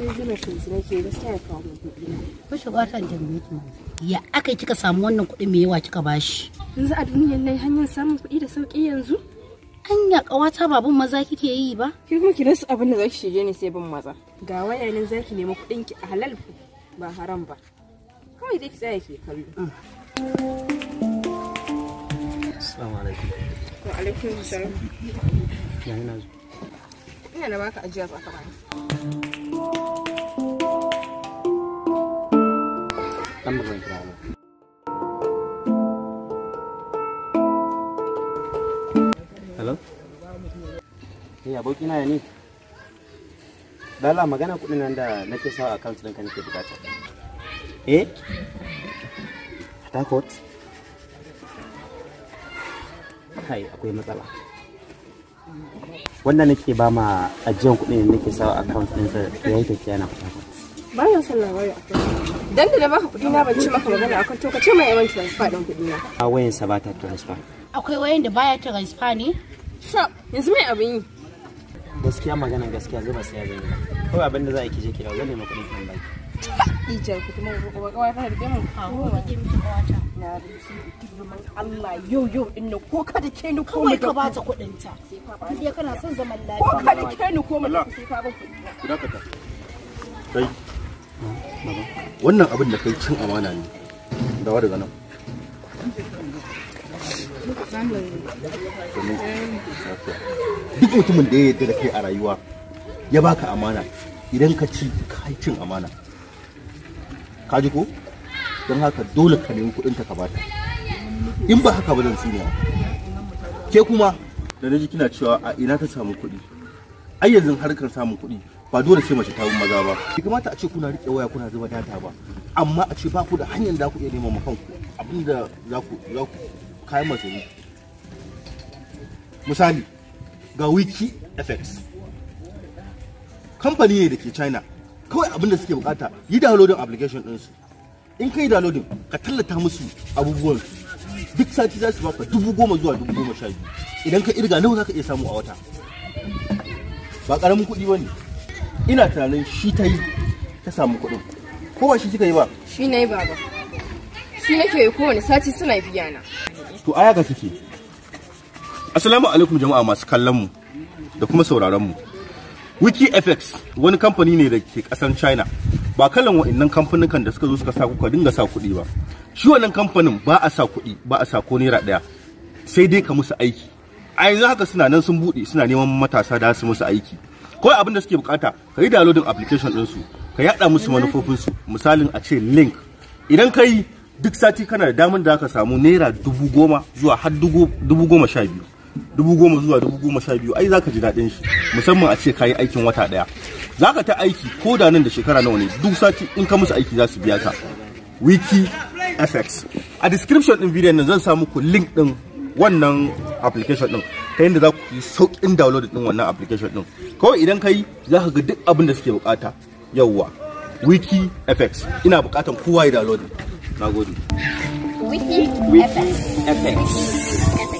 rigimar shamsu nake gaskiya ya kawo min kuɗi na. Ko shi wata in tambaye Ya aka yi kika samu wannan kuɗin me yawa kika bashi? Yanzu a duniyar nan hanyar samun kuɗi da sauƙi yanzu? Anya ƙawata ba bin maza kike yi ba? Ki kuma ki rasa abin da zaki shige ne sai bin maza. Ga wayar nan zaki nemi kuɗin ki a halal ba haram ba. Kawai dai ki tsaya ki kallo. Mm. Assalamu alaikum. Wa alaikum salam. Ina na baka ajiya ba ka bani. Halo? Eh iya, abokina ya ni? Dalam, magana aku dengan anda nake sawa a kansu ɗinka nake bukata. Eh? Atakot? Kai akwai matsala. wanda nake ba ma ajiyan kuɗin ne nake sawa account ɗinsa da ya yi tafiya na ba ya son labari akwai dan da na baka kuɗi na ban ci maka magana akan to ka ce mai yawan transfer ɗin kuɗi na a wayan sa ba ta transfer akwai wayan da baya transfer ne sha yanzu mai abin yi gaskiya magana gaskiya zuba sai ya zai kawai abin da za a kije kira zan nemi kuɗin kan baki ijar ku kawai ka da ko ka ka da ke ni ko wannan abin da kai cin amana ne daga nan duk mutumin da ya yarda da kai a rayuwa ya baka amana idan ka ci kai cin amana ka ji ko don haka dole ka nemi kuɗin ka bata in ba haka ba zan tsine ke kuma da naji kina cewa a ina ta samu kuɗi ai yanzu harkar samun kuɗi ba dole sai mace ta maza ba ki kamata a ce kuna riƙe waya kuna zuba data ba amma a ce ba ku da hanyar da ku iya neman ku abinda za ku za ku kayan misali ga wiki effects kamfani ne da ke china kawai abin da suke bukata yi downloading application ɗinsu in kai downloading ka tallata musu abubuwan duk sati za su baka dubu goma zuwa dubu goma sha biyu idan ka irga nawa za ka iya samu a wata ba karamin kuɗi ba ne ina tunanin shi ta yi ta samu kuɗin ko ba shi kika yi ba shi na yi baba shi nake yi kowane sati suna biya na to aya ga kike assalamu alaikum jama'a masu kallon mu da kuma sauraron mu wiki fx wani kamfani ne da ke kasan china ba kalan wa'annan kamfanin kan da suka zo suka sa kuka dinga sa kuɗi ba shi wannan kamfanin ba a sa kuɗi ba a sa ko naira ɗaya sai dai ka musu aiki a yanzu haka suna nan sun buɗe suna neman matasa da su musu aiki ko abin da suke bukata ka yi downloading application din su ka yada musu manufofin su misalin a ce link idan ka yi duk sati kana da damar da ka samu naira dubu goma zuwa har dubu goma sha biyu dubu goma zuwa dubu goma sha biyu ai zaka ji daɗin shi musamman a ce ka yi aikin wata ɗaya zaka ta aiki ko da nan da shekara nawa ne duk sati in ka musu aiki za su biya ka wiki fx a description din bidiyon nan zan sa muku link din wannan application ɗin. ta yadda za ku yi sauƙin download din wannan application din kawai idan ka yi za ka ga duk abin da suke bukata yauwa wiki fx ina bukatan kowa ya download na gode wiki fx